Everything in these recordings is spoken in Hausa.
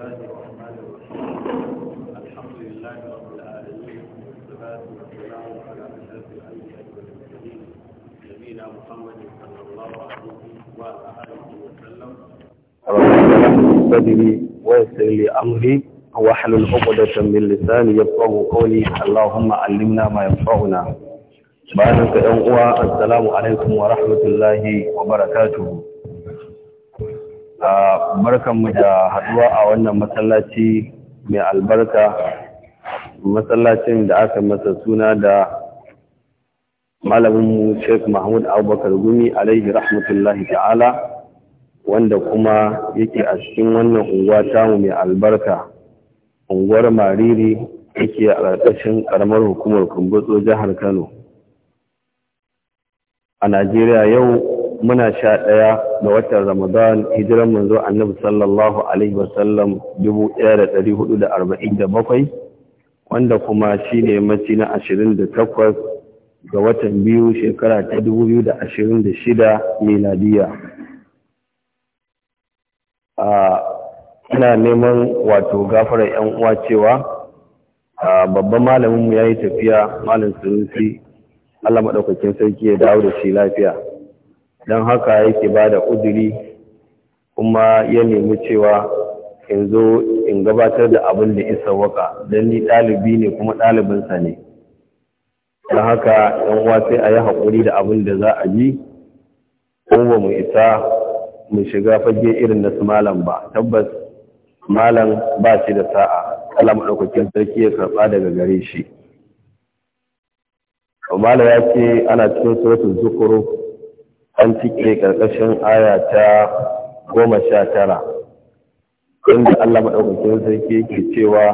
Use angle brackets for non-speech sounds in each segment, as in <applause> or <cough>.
الله الرحمن الرحيم الحمد لله رب العالمين والصلاة والسلام على أشرف الأنبياء والمرسلين نبينا محمد صلى الله عليه وعلى آله وسلم صدري ويسر لي أمري واحلل عقدة من لساني يفقه قولي اللهم علمنا ما ينفعنا بارك يا أخوة السلام عليكم ورحمة الله وبركاته mu da haduwa a wannan masallaci mai albarka masallacin da aka masa suna da malaminmu Sheikh Mahmud Abubakar Gumi alaihi rahmatullahi ta'ala wanda kuma yake a cikin wannan unguwa tamu mai albarka unguwar Mariri yake a ƙarƙashin ƙaramar hukumar kumbutso jihar Kano a Najeriya yau muna sha ɗaya da watan Ramadan hijiran manzo annabi sallallahu Alaihi wasallam bakwai. wanda kuma shi ne mace na ashirin da takwas ga watan biyu shekara ta dubu biyu da da ashirin shida miladiya. A ina neman wato gafara 'yan uwa cewa babban malaminmu ya yi tafiya malin sunusi Allah maɗaukakin sarki ya dawo da shi lafiya. don haka yake ba da uduri kuma ya nemi cewa in zo in gabatar da abin da isa waka don ni ɗalibi ne kuma ɗalibinsa ne don haka yan uwa sai a yi hakuri da abin da za a yi ko ba mu isa mu shiga fage irin na su malam ba tabbas malam ba shi da sa'a kala maɗaukakin sarki ya karɓa daga gare shi malam ya ce ana cikin suratul zukuru an cike ƙarƙashin aya ta goma sha tara inda Allah maɗaukakin sarki yake cewa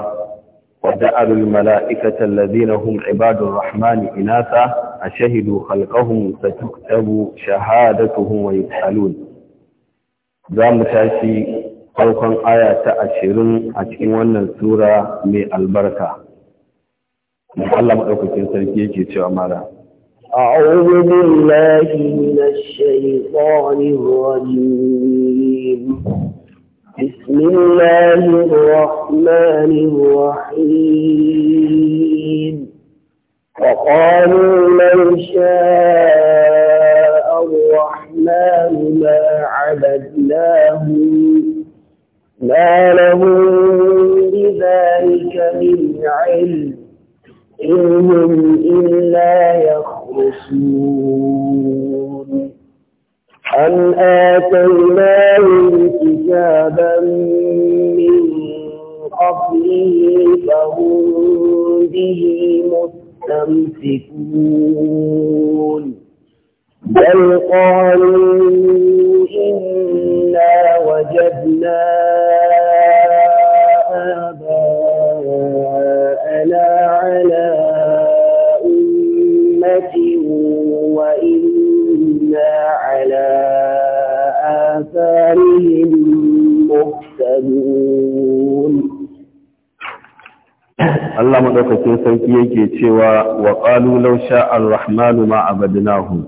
wa da'alul mala'ikata allazina hum ibadur rahmani inasa a shahidu khalqahum satuktabu shahadatuhum wa yus'alun za mu tashi farkon aya ta ashirin a cikin wannan sura mai albarka Allah maɗaukakin sarki yake cewa mara أعوذ بالله من الشيطان الرجيم بسم الله الرحمن الرحيم وقالوا لو شاء الرحمن ما عبدناهم ما لهم بذلك من علم إنهم إلا يخافون مبصرون أن آتيناه كتابا من قبله فهم به مستمسكون بل قالوا madaukakin sarki yake cewa wa lausha law sha ma abadnahu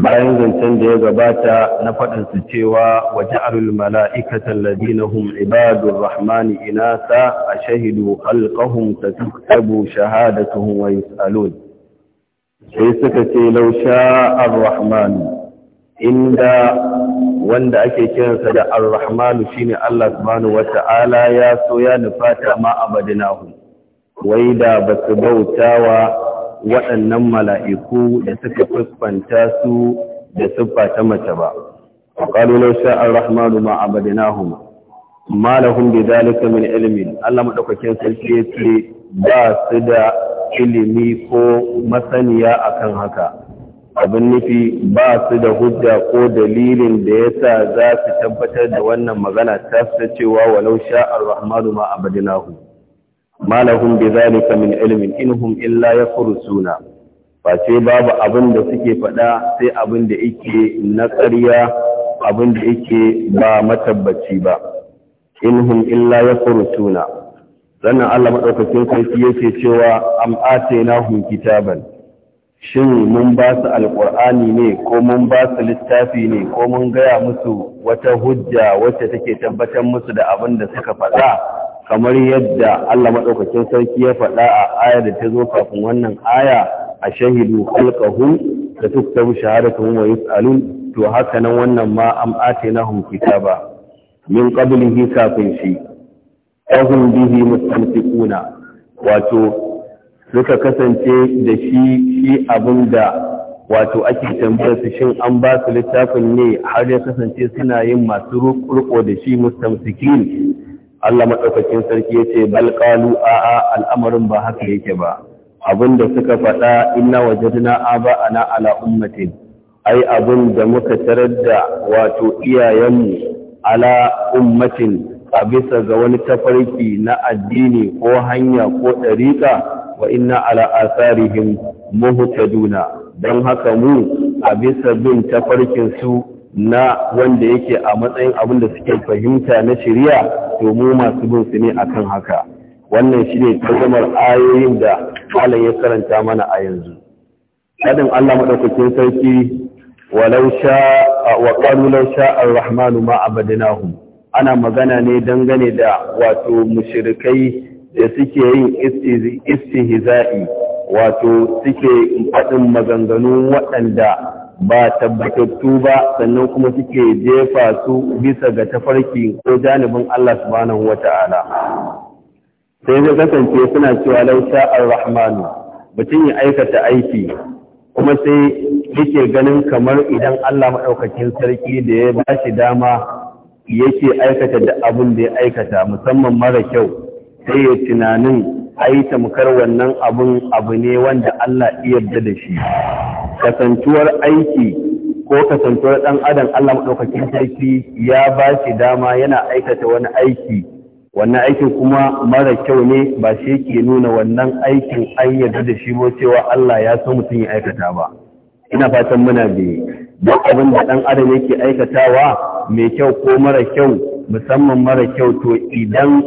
bayan zancen da ya gabata na faɗin su cewa wa ja'alul mala'ikata alladhina hum ibadur rahmani inasa ashhadu khalqahum tatuktabu shahadatuhum wa yus'alun sai suka ce lausha sha inda wanda ake kiransa da ar shine Allah subhanahu wata'ala ya so ya nufata ma abadnahu wai da ba su bautawa waɗannan mala'iku da suka fuskanta su da siffa ta mace ba وقالوا لو شاء الرحمن ma عبدناهما ما لهم بذلك من علم Allah maɗaukakin sarki ce ba su da ilimi ko masaniya a kan haka abin nufi ba su da hujja ko dalilin da ya sa za su tabbatar da wannan magana ta cewa walau sha'ar rahmanu ma abadinahu ma lahum bi zalika min ilmin inhum illa yakhrusuna Ba ce babu abin da suke faɗa sai abin da yake na ƙarya abin da yake ba matabbaci ba inhum illa yakhrusuna sannan Allah madaukakin sarki yake cewa am hum kitaban shin mun ba su alƙur'ani ne ko mun ba su littafi ne ko mun gaya musu wata hujja wacce take tabbatar musu da abin da suka faɗa kamar yadda Allah maɗaukacin sarki ya faɗa a aya da ta zo kafin wannan aya a shahidu khalqahum da tuktabu shahadatuhum wa yus'alun to haka nan wannan ma am hum kitaba min qablihi kafin shi ahum bihi mustamsikuna wato suka kasance da shi shi abinda wato ake tambayar su shin an ba su littafin ne har ya kasance suna yin masu ruko da shi mustamsikin Allah maɗaukakin sarki yace ce qalu a a al'amarin ba haka yake ba abinda suka faɗa inna wajadna aba ana ala ummatin ai abin da muka tarar da wato iyayenmu ala ummatin a bisa ga wani tafarki na addini ko hanya ko ɗariƙa wa inna ala asarihim juna. don haka mu a bisa bin tafarkin su na wanda yake a matsayin abin da suke fahimta na shirya to mu masu bin su ne akan haka wannan shine tazamar ayoyin da Allah ya karanta mana a yanzu kadin Allah madaukakin sarki walau sha wa qalu law sha ar-rahmanu ma abadnahum ana magana ne dangane da wato mushrikai da suke yin istihza'i wato suke faɗin maganganu waɗanda ba tabbatattu ba sannan kuma suke jefa su bisa ga tafarki ko janibin Allah subhanahu wata'ala sai zai kasance suna cewa lausha ar-rahmanu mutum ya aikata aiki kuma sai yake ganin kamar idan Allah maɗaukakin sarki da ya ba shi dama yake aikata da abin da ya aikata musamman mara kyau sai ya tunanin Ai tamkar wannan abun abu ne wanda Allah yarda da shi kasantuwar aiki ko kasantuwar ɗan adam Allah maɗaukakin sarki ya ba shi dama yana aikata wani aiki wannan aikin kuma mara kyau ne ba shi ke nuna wannan aikin an yarda da shi ko cewa Allah ya san mutum ya aikata ba ina fatan muna da duk abin da ɗan adam yake aikatawa mai kyau ko mara kyau musamman mara kyau to idan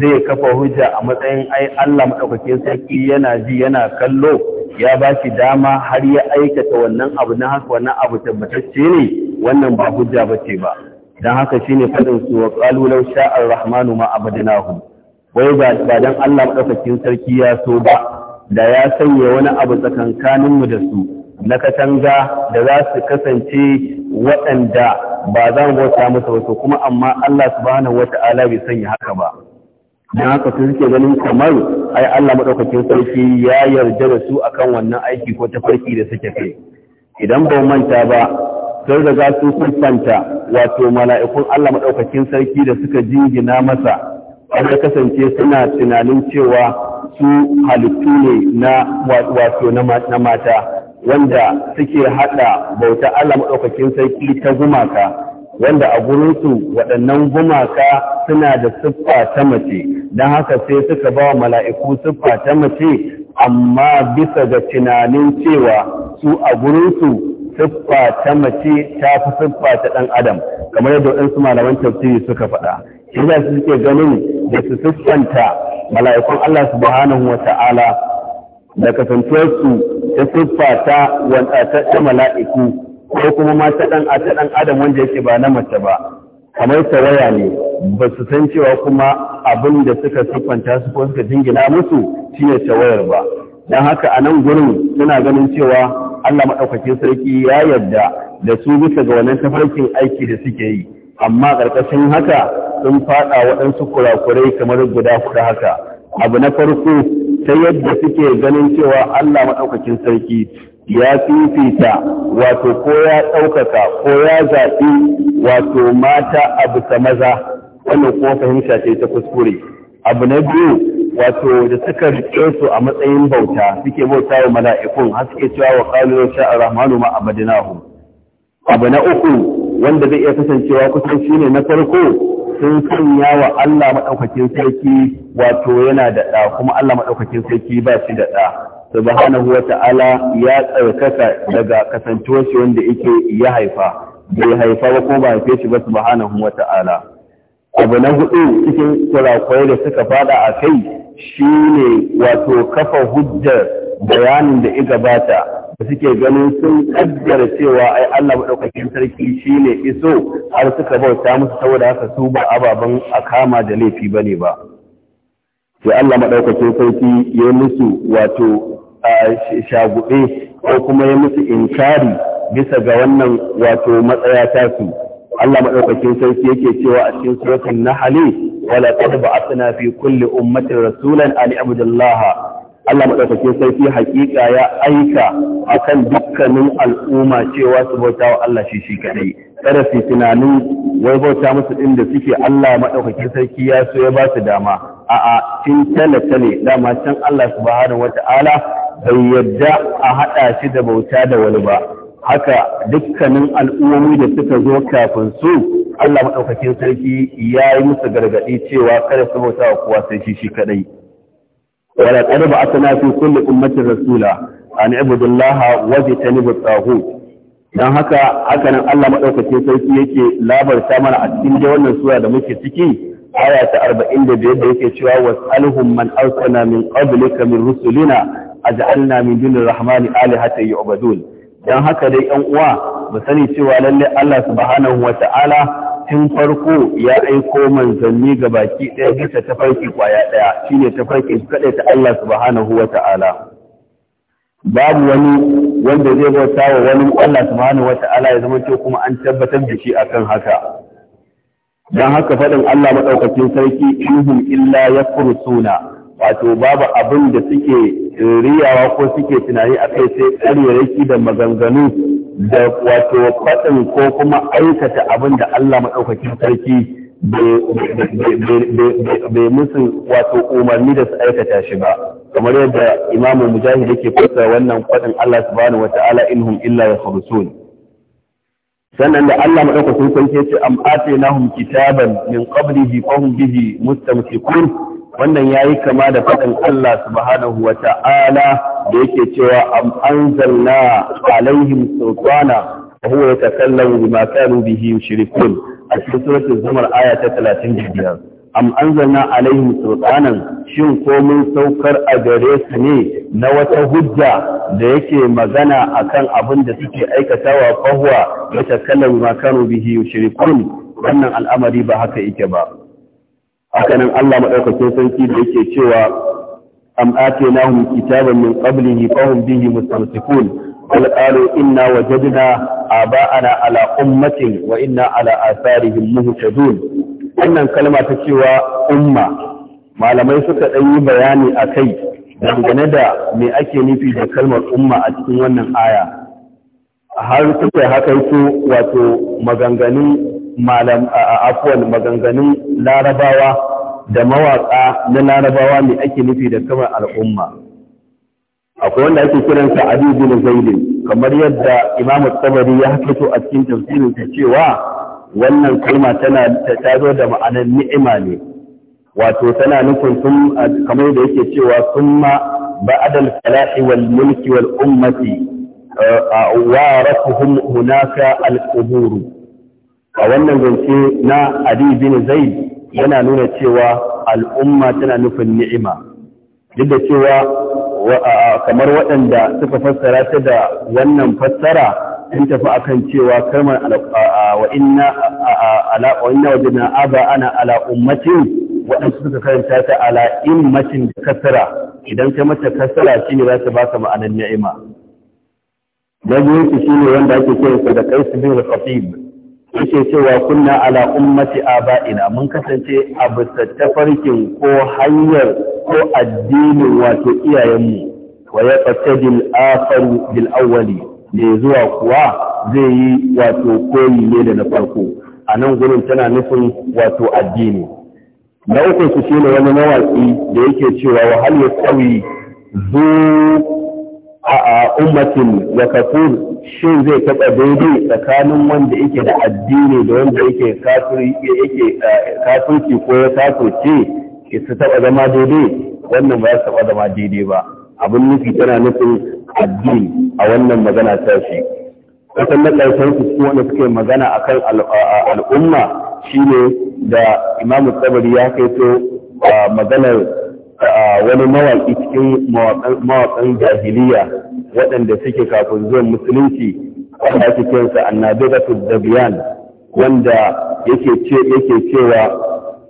zai kafa hujja a matsayin ai Allah madaukake sarki yana ji yana kallo ya ba shi dama har ya aikata wannan abu na haka wannan abu tabbatacce ne wannan ba hujja bace ba dan haka shine fadin su wa qalu law sha'a ar-rahmanu ma abadnahu wai ba ba dan Allah madaukake sarki ya so ba da ya sanya wani abu tsakankaninmu da su na katanga da za su kasance waɗanda ba za mu bauta musu wasu kuma amma Allah subhanahu wata'ala bai sanya haka ba Da haka su suke ganin kamar ai Allah maɗaukakin sarki ya yarda da su akan wannan aiki ko tafarki da suke kai idan ba manta ba da za su kusanta wato mala'ikun Allah maɗaukakin sarki da suka jingina masa an kasance suna tunanin cewa su halittu ne na wato na mata wanda suke haɗa bauta Allah madaukakin sarki ta gumaka wanda a gurinsu waɗannan gumaka suna da siffa ta mace don haka sai suka ba mala'iku siffa ta mace amma bisa ga tunanin cewa su a gurinsu siffa ta mace ta fi siffa ta ɗan adam kamar yadda waɗansu malaman tafsiri suka faɗa shi suke ganin da su siffanta mala'ikun Allah subhanahu wa da kasantuwarsu ta siffa ta ta mala'iku ko kuma ma ta ɗan ta ɗan adam wanda yake ba na mace ba kamar tawaya ne ba su san cewa kuma abin da suka siffanta su ko suka jingina musu shine tawayar ba don haka a nan gurin suna ganin cewa Allah maɗaukakin sarki ya yarda da su bisa ga wannan tafarkin aiki da suke yi amma ƙarƙashin haka sun faɗa waɗansu kurakurai kamar guda kuɗa haka abu na farko ta yadda suke ganin cewa Allah maɗaukakin sarki ya fifita wato ko ya ɗaukaka ko ya zaɓi wato mata a ta maza wannan kuma fahimta ce ta kuskure abu na biyu wato da suka riƙe su a matsayin bauta suke bauta wa mala'ikun har suke cewa wa kalu sha arrahmanu ma abadinahu abu na uku wanda zai iya kasancewa kusan shine na farko Sun sanya wa Allah maɗaukakin sarki wato yana da ɗa kuma Allah maɗaukakin sarki ba shi da ɗa subhanahu wa ta'ala ya tsarkaka daga kasantuwar shi wanda yake ya haifa bai haifa ba ko ba haife shi ba subhanahu wa ta'ala abu na hudu cikin kurakwai da suka fada a kai shi ne wato kafa hujjar bayanin da iga bata da suke ganin sun kaddar cewa ai Allah madaukakin sarki shine iso har suka bauta musu saboda haka su ba ababen akama da laifi bane ba sai Allah madaukakin sarki ya musu wato shagube ko kuma ya musu inkari bisa ga wannan wato matsaya ta su Allah madaukakin sarki yake cewa a cikin suratul nahl wala qad ba'athna fi kulli ummatin rasulan an ibudallaha Allah maɗaukakin sarki hakika ya aika a kan dukkanin al'umma cewa su bauta wa Allah shi shi kadai kada su tunanin wai bauta musu ɗin da suke Allah maɗaukakin sarki ya so ya ba su dama a'a tin tale tale dama can Allah subhanahu wata'ala bai yadda a haɗa shi da bauta da wani ba haka dukkanin al'ummomi da suka zo kafin su Allah maɗaukakin sarki ya yi musu gargaɗi cewa kada su bauta wa kowa sai shi shi kadai ولقد بعثنا في كل أمة رسولا أن اعبدوا الله واجتنبوا الطاغوت dan haka haka nan Allah madaukakin sarki yake labarta mana a cikin da wannan sura da muke ciki aya ta 45 da yake cewa wasalhum man arsalna min qablika min rusulina aj'alna min dunir rahmani alihata yu'badun dan haka dai yan uwa mu sani cewa lalle Allah subhanahu wata'ala tun farko ya aiko manzanni ga baki ɗaya bisa ta farki kwaya ɗaya shine farki kaɗai ta Allah subhanahu wa ta'ala babu wani wanda zai bauta wa wani Allah subhanahu wa ta'ala ya zama ce kuma an tabbatar da shi akan haka dan haka faɗin Allah maɗaukacin sarki ihun illa ya suna wato babu abin da suke riyawa ko suke tunani a kai sai ƙaryarki da maganganu da wato faɗin ko kuma aikata abin da Allah maɗaukakin sarki bai musu wato umarni da su aikata shi ba kamar yadda imamu mujahid yake fasa wannan faɗin Allah subhanahu wa inhum illa yakhrusun sannan da Allah maɗaukakin sarki ce am atainahum kitaban min qablihi fa hum bihi mustamsikun wannan yayi kama da faɗin Allah subhanahu wa ta'ala da yake cewa am anzalna alaihim sultana wa huwa yatakallamu bima kanu bihi yushrikun a cikin suratul zumar aya ta 35 am anzalna alaihim sultanan shin ko mun saukar a gare su ne na wata hujja da yake magana akan abin da suke aikatawa fa huwa yatakallamu bima kanu bihi yushrikun wannan al'amari ba haka yake ba haka nan Allah madaukakin sarki da yake cewa am atainahum kitaban min qablihi waje bihi mustamsikun ana قالوا إنا وجدنا آباءنا على أمة وإنا على آثارهم مهتدون wannan kalma ta cewa umma malamai suka ɗan yi bayani a kai dangane da me ake nufi da kalmar umma a cikin wannan aya har suka haka wato maganganun malam afwal maganganun larabawa da mawaƙa na larabawa ne ake nufi da kamar al'umma akwai wanda ake kiransa Ali bin Zaidin kamar yadda Imam Tabari ya fito a cikin tafsirin sa cewa wannan kalma tana ta zo da ma'anar ni'ima ne wato tana nufin sun kamar da yake cewa summa ba'da al-falahi wal mulki wal ummati wa rafuhum hunaka al-quburu a wannan zance na adi bin zaid yana nuna cewa al'umma tana nufin ni'ima duk da cewa kamar waɗanda suka fassara ta da wannan fassara sun tafi akan cewa kalmar wa inna wajena aba ana ala ummatin waɗansu suka karanta ta ala immatin da kasara idan kai mata kasara shine za ta baka ma'anar ni'ima na biyu shine wanda ake kiransa da qais bin al yake cewa kunna ala ummati aba'ina mun kasance a bisa farkin ko hanyar ko addinin wato iyayenmu wa ya al al'afaru bil awwali ne zuwa kuwa zai yi wato koyi ne da na farko a nan gurin tana nufin wato addini na uku shine wani mawaki da yake cewa wa hal yasawi zu ummatin wa kafur shin zai taɓa daidai tsakanin wanda yake da addini da wanda yake eh, kafirci ko ya kafirce ke su taɓa zama daidai wannan ba ya taɓa zama daidai ba abin nufi tana nufin addini a wannan magana ta shi kasan na ƙarshen su cikin wanda suke magana kan al'umma shine da imamu tsabari ya kai to ah, maganar wani mawaƙi cikin mawaƙan jahiliya waɗanda suke kafin zuwan musulunci wanda ake kiransa annabiratu dabiyan wanda yake ce yake cewa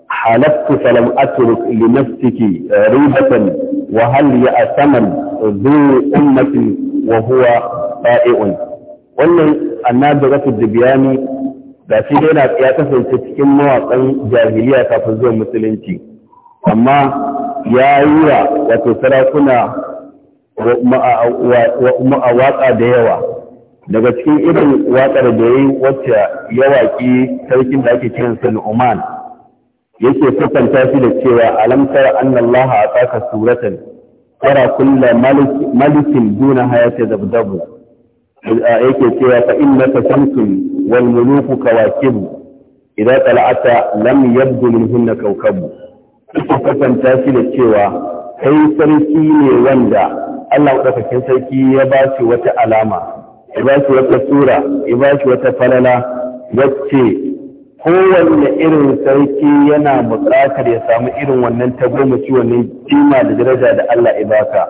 halattu falam atruk li nafsiki ribatan wa hal ya asaman zu ummatin wa huwa fa'i'un wannan annabiratu dabiyani da shi dai ya kasance cikin mawaƙan jahiliya kafin zuwan musulunci amma ya yi wa wato sarakuna a waka da yawa daga cikin irin wakar da ya yi wacce yawaki sarkin da ake kiran Salman yake kusanta shi da cewa alamtar annallaha a tsaka suratan tara kulla malikin duna hayata zabdabu yake cewa fa innaka shamsun wal muluku kawakibu idza tala'ata lam yabdu minhunna kawkabu suka shi da cewa kai sarki ne wanda Allah maɗaukakin sarki ya ba shi wata alama ya ba shi wata sura ya ba shi wata falala wacce kowanne irin sarki yana buƙatar ya samu irin wannan tagomaci wannan kima da daraja da Allah ya baka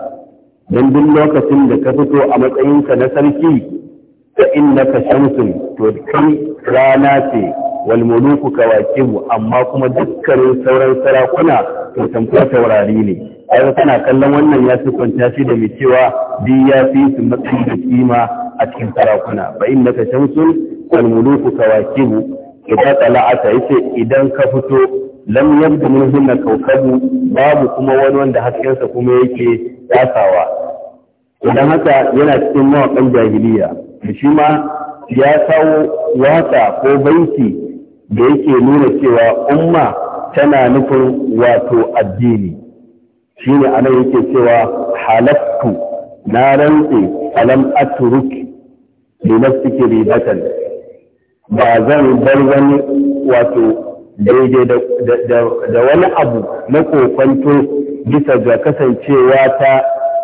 don duk lokacin da ka fito a matsayinka na sarki inna innaka shamsun to kai rana ce walmuluku muluku kawakibu amma kuma dukkanin sauran sarakuna to tamkar taurari ne ai kana kallon wannan ya kwanta shi da mai cewa bi ya fi su matsayi da kima a cikin sarakuna ba innaka shamsul shamsu muluku kawakibu idan aka yace idan ka fito lam yabdu hunna kawkabu babu kuma wani wanda sa kuma yake tasawa idan haka yana cikin mawaƙan jahiliya shi ma ya kawo waka ko banki. da yake nuna cewa umma tana nufin wato addini shi ne ana yake cewa halattu na rantse alam aturuk na suke ribatan ba zan bar wani wato daidai da wani abu na kokwanto bisa ga kasancewa ta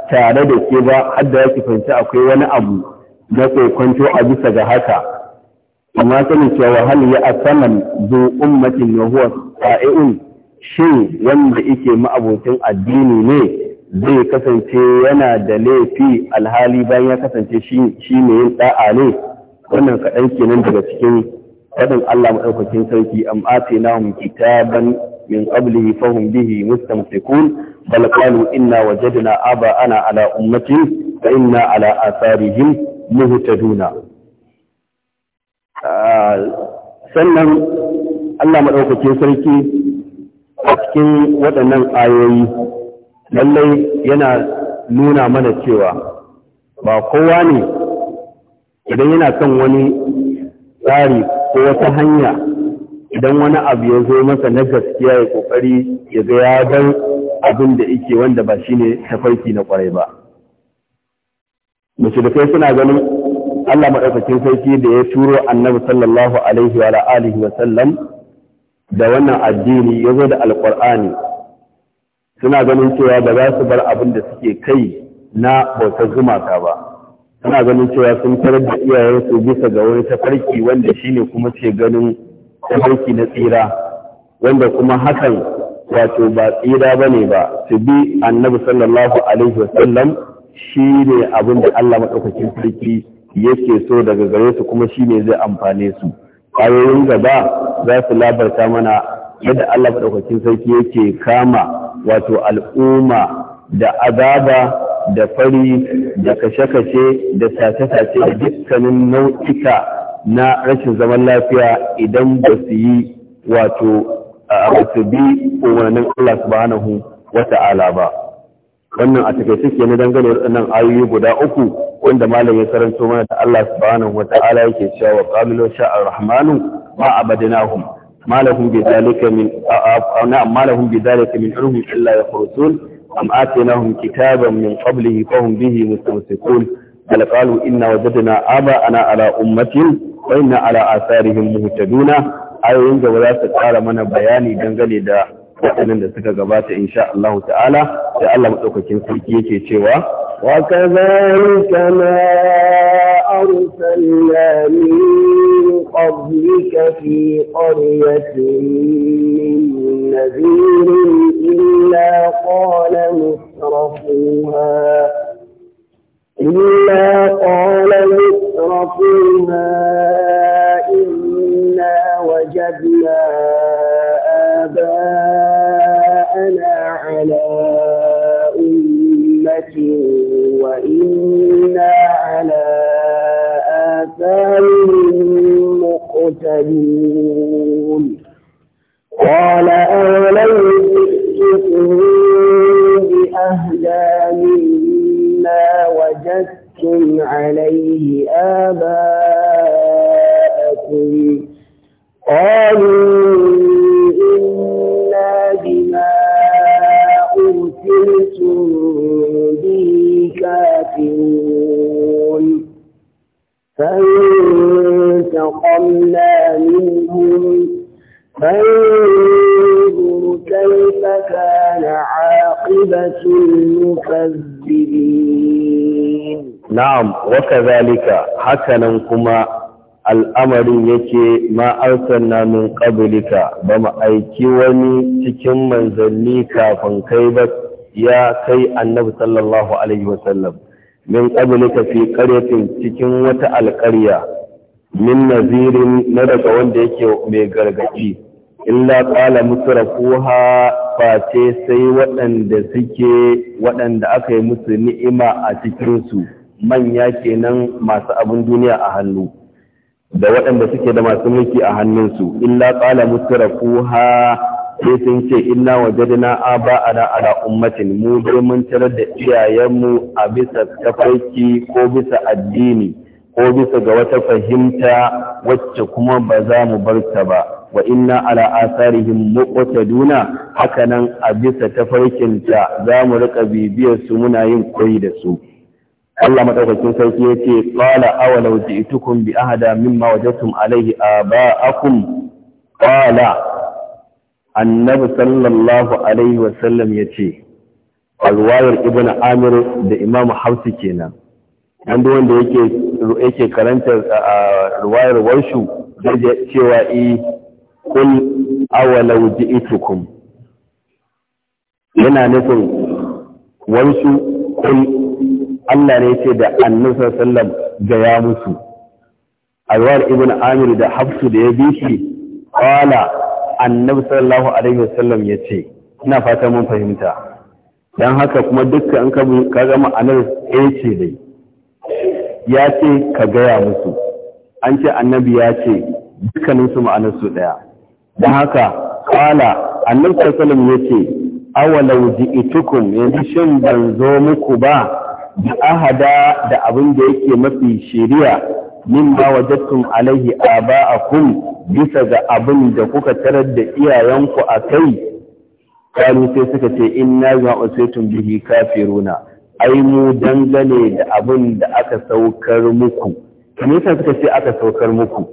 tare da ke ba har da yake fahimci akwai wani abu na kokwanto a bisa ga haka amma sanin cewa wahal ya asaman zu ummatin wa huwa qa'i'un wanda yake ma'abocin addini ne zai kasance yana da laifi alhali bayan ya kasance shi ne yin da'a ne wannan kaɗan kenan daga cikin faɗin Allah maɗaukakin sarki am atinahum kitaban min qablihi fahum bihi mustamsikun bal qalu inna wajadna aba ana ala ummatin fa inna ala atharihim muhtaduna sannan Allah maɗaukakin sarki a cikin waɗannan ayoyi lallai yana nuna mana cewa ba kowa ne idan yana kan wani tsari ko wata hanya idan wani abu ya zo masa na gaskiya ya kokari ya ga ya abin da ike wanda ba shine tafarki na kwarai ba Mace da kai suna ganin Allah maɗaukakin sarki da ya turo annabi sallallahu alaihi wa alihi wa sallam da wannan addini ya zo da alƙur'ani suna ganin cewa ba za su bar abin da suke kai na bautar gumaka ba suna ganin cewa sun tarar da iyayensu bisa ga wani tafarki wanda shine kuma ce ganin tafarki na tsira wanda kuma hakan wato ba tsira ba ne ba su bi annabi sallallahu alaihi wa sallam shi ne abin da Allah maɗaukakin sarki yake so daga gare su kuma shi ne zai amfane su ayoyin gaba za su labarta mana yadda Allah maɗaukakin sarki yake kama wato al'umma da azaba da fari da kashe-kashe da sace-sace da dukkanin nau'ika na rashin zaman lafiya idan ba su yi wato a bi umarnin Allah subhanahu wa ta'ala ba. wannan a takaice ke na dangane waɗannan ayoyi guda uku wanda malam ya karanto mana ta Allah subhanahu wa ta'ala yake cewa wa qamilu sha'a rahmanu ma abadnahum malahum bi zalika min na malahum bi zalika min ulum illa yakhrutun am atainahum kitaban min qablihi fahum bihi mustamsikun bal qalu inna wajadna aba'ana ala ummatin wa inna ala atharihim muhtaduna ayoyin da za su ƙara mana bayani dangane da waɗannan da suka gabata insha Allah ta'ala sai Allah madaukakin sarki yake cewa wa kadhalika ma arsalna min qablika fi qaryatin min nadhirin illa qala musrafuha إلا قال مترفوها إنا وجدنا آباءنا على أمة وإنا على آثارهم مقتدون قال أولو جئتم بأهدى مما وجدتم عليه آباءكم قالوا إنا بما أرسلتم به كافرون فانتقمنا منهم فانظر كيف كان عاقبة المكذبين نعم وكذلك حسنا كما al'amarin yake ma na min qablika ba mu aiki wani cikin manzanni kafin kai ba ya kai annabi sallallahu alaihi wasallam min qablika fi qaryatin cikin wata alƙarya min nazirin na daga wanda yake mai gargaɗi illa qala mutrafuha face sai waɗanda suke waɗanda aka yi musu ni'ima a cikinsu manya kenan masu abin duniya a hannu da waɗanda suke da masu mulki a hannunsu illa qala mutarafuha sai sun ce inna wajadna ba ala ummatin mu dai mun tarar da iyayenmu a bisa tafarki ko bisa addini ko bisa ga wata fahimta wacce kuma ba za mu bar ba wa inna ala asarihim muqtaduna hakanan a bisa tafarkinta za mu riƙa bibiyar su muna yin koyi da su Allah madaukakin sarki yace qala awalau ji'tukum bi ahada mimma wajadtum alayhi aba'akum qala annabi sallallahu alaihi wa sallam yace alwayar ibn amir da imam hafsi kenan an da wanda yake yake karantar ruwayar warshu zai cewa i eh, kul awalau itukun. yana nufin warshu kul Allah ne ce da annabi sallam ga ya musu alwar ibn amir da hafsu da ya bi shi kwala annabi sallallahu alaihi wasallam ya ce ina fata mun fahimta dan haka kuma dukkan in ka ka ga ma'anar ɗaya ce dai ya ce ka gaya musu an ce annabi ya ce dukkaninsu ma'anar su ɗaya dan haka kwala annabi sallallahu alaihi wasallam ya ce awalau itukun yanzu shin ban zo muku ba da ahada da abin da yake mafi shari'a mimma wajadtum alaihi aba'akum bisa ga abin da kuka tarar da iyayenku a kai kalu sai suka ce inna bima usaytum bihi kafiruna ai mu dangane da abin da aka saukar muku kamar yasa suka ce aka saukar muku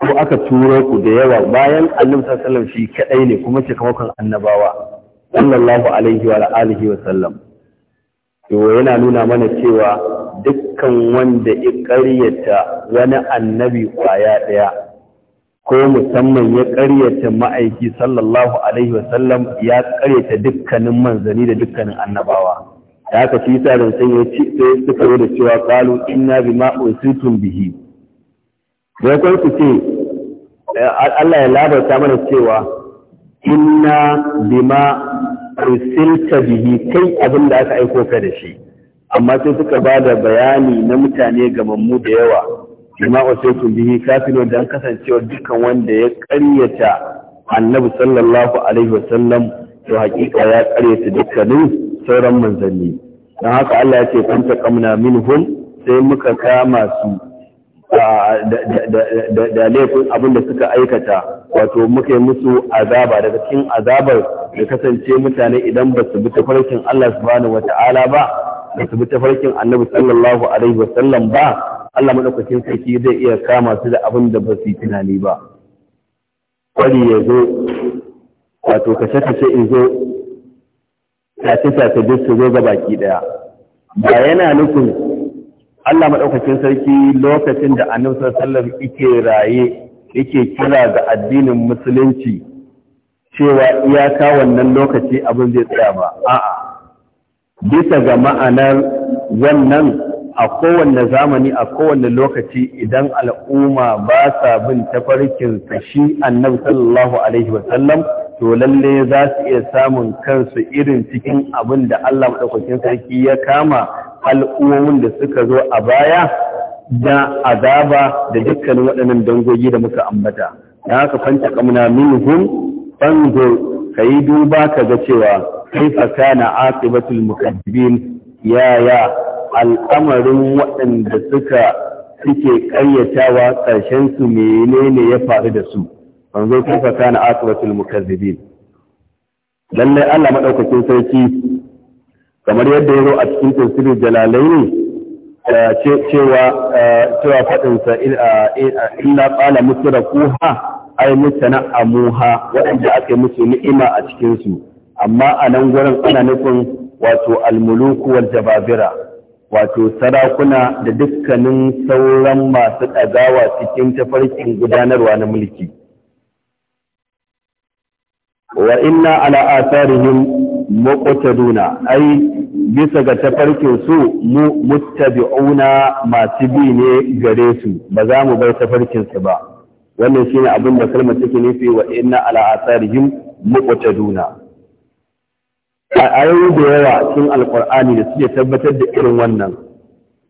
ko aka turo ku da yawa bayan annabi sallallahu alaihi shi kadai ne kuma shi annabawa sallallahu alaihi wa alihi wa sallam yau yana nuna mana cewa dukkan wanda ya ƙaryata wani annabi ƙwaya ɗaya ko musamman ya ƙaryata ma'aiki sallallahu alaihi wasallam ya ƙaryata dukkanin manzani da dukkanin annabawa da haka shi sa da sai ya ci sai suka yi da cewa qalu inna bima usitum bihi ya kun su ce eh, Allah ya labarta mana cewa inna ma. arsilta bihi kai abin da aka aiko ka da shi amma sai suka ba da bayani na mutane ga Mammu da yawa bima usaitu bihi kafirun dan kasancewa dukkan wanda ya ƙaryata annabi sallallahu alaihi wasallam to hakika ya ƙaryata dukkanin sauran manzanni dan haka Allah ya ce kun min minhum sai muka kama su da laifin abin da suka aikata wato muka yi musu azaba daga cikin azabar da kasance mutane idan ba su bi tafarkin Allah subhanahu wata'ala ba ba su bi tafarkin annabi sallallahu alaihi wasallam ba Allah madaukakin sarki zai iya kama su da abin da ba su yi tunani ba kwari ya zo wato kashe kashe in zo tace tace duk su zo ga baki daya ba yana nufin Allah maɗaukakin sarki lokacin da annabi sallallahu yake raye yake kira ga addinin musulunci cewa iyaka wannan lokaci abin zai tsaya ba a'a bisa ga ma'anar wannan a kowanne zamani a kowanne lokaci idan al'umma ba sa bin tafarkin shi annabi sallallahu alaihi wasallam to lalle za su iya samun kansu irin cikin abin da Allah maɗaukakin sarki ya kama al'ummomin da suka zo a baya da azaba da dukkanin waɗannan dangogi da muka ambata da haka fanta kamuna minhum ka yi duba ka ga cewa kaifa kana aqibatul mukaddibin ya ya al'amarin waɗanda suka suke ƙayyatawa ƙarshen su menene ya faru da su kai kaifa kana aqibatul mukaddibin lallai Allah madaukakin sarki kamar yadda ya zo a cikin tafsirin jalalaini eh, cewa eh, cewa faɗinsa illa eh, ƙala musura kuha ai mutana amuha waɗanda aka yi musu ni'ima a cikinsu amma a nan gurin ana nufin wato almuluku wal jababira wato sarakuna da dukkanin sauran masu ɗagawa cikin tafarkin gudanarwa na mulki wa inna ala atharihim muqtaduna ai bisa ga tafarkin su mu muttabi'una masu bi ne gare su ba za mu bar tafarkin su ba wannan shine abin da kalmar take nufi wa inna ala asarihim muqtaduna a ayoyi da yawa cikin alqur'ani da suke tabbatar da irin wannan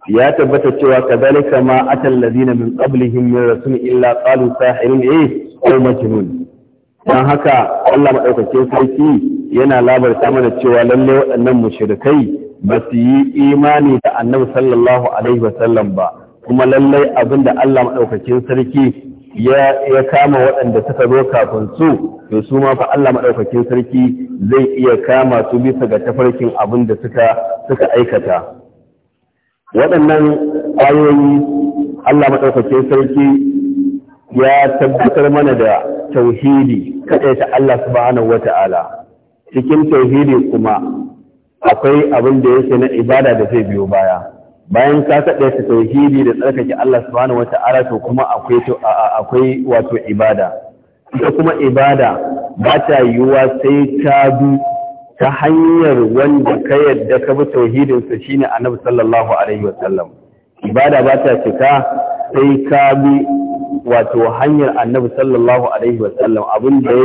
ya tabbata cewa kadalika ma atal ladina min qablihim min rasul illa qalu sahirun eh aw majnun dan haka Allah madaukakin sarki yana labarta mana cewa lalle waɗannan mushirikai ba su yi imani da annabi sallallahu alaihi wasallam ba kuma lalle abinda Allah maɗaukakin sarki ya kama waɗanda suka zo kafin su to su ma fa Allah madaukakin sarki zai iya kama su bisa ga tafarkin abin da suka suka aikata waɗannan ayoyi Allah madaukakin sarki ya tabbatar mana da tauhidi kaɗai ta Allah subhanahu wata'ala cikin tauhidi kuma akwai abin da yake na ibada da zai biyo baya bayan ka kaɗa ta tauhidi da tsarkake Allah subhanahu wa ta'ala to kuma akwai akwai wato ibada ita kuma ibada ba ta yiwuwa sai ta bi ta hanyar wanda ka yadda ka bi tauhidin sa shine annabi sallallahu alaihi wa ibada ba ta cika sai ka bi wato hanyar annabi sallallahu alaihi wa abin da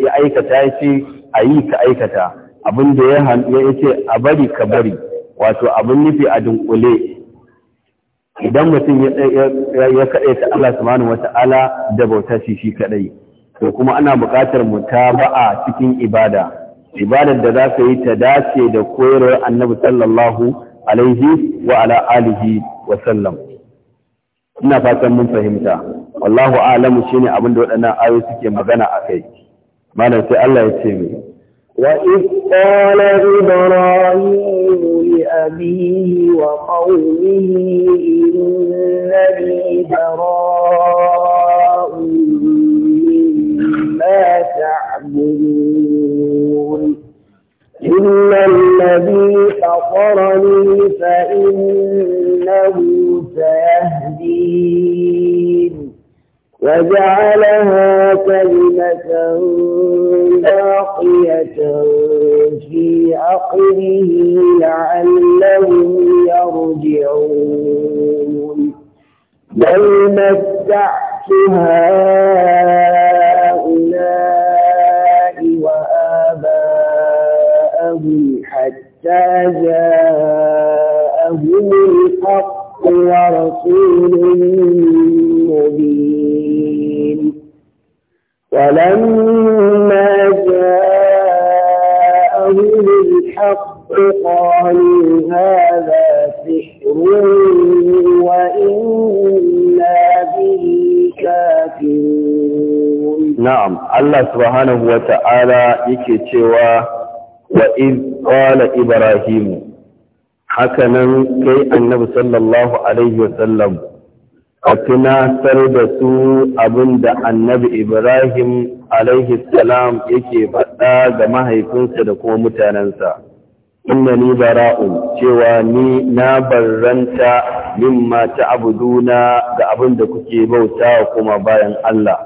ya aikata shi. a yi ka aikata abin da ya ce a bari ka bari wato abin nufi a dunkule idan mutum ya kaɗe ta Allah subhanahu wata'ala da bauta shi shi kaɗai to kuma ana buƙatar mutaba'a cikin ibada ibadar da za ka yi ta dace da koyarwar annabi sallallahu alaihi wa ala alihi wa sallam ina fatan mun fahimta wallahu a'lamu shine abin da waɗannan ayoyi suke magana kai. malam sai Allah ya ce mai وإذ قال إبراهيم لأبيه وقومه إنني براء مما تعبدون إلا الذي فطرني فإنه سيهدين وجعلها كلمة باقية في عقله لعلهم يرجعون بل متعت هؤلاء وآباءهم حتى جاءهم الحق ورسولهم فلما جاءهم الحق قالوا هذا سحر وإنا به كافرون نعم الله سبحانه وتعالى يكتوى وإذ قال إبراهيم haka كي النبي صلى الله عليه وسلم a tunatar da su abin da annabi Ibrahim alaihi salam yake faɗa ga mahaifinsa da kuma mutanensa. Inna ni bara'un cewa ni na barranta mimma ta'buduna ga abin da kuke bauta kuma bayan Allah.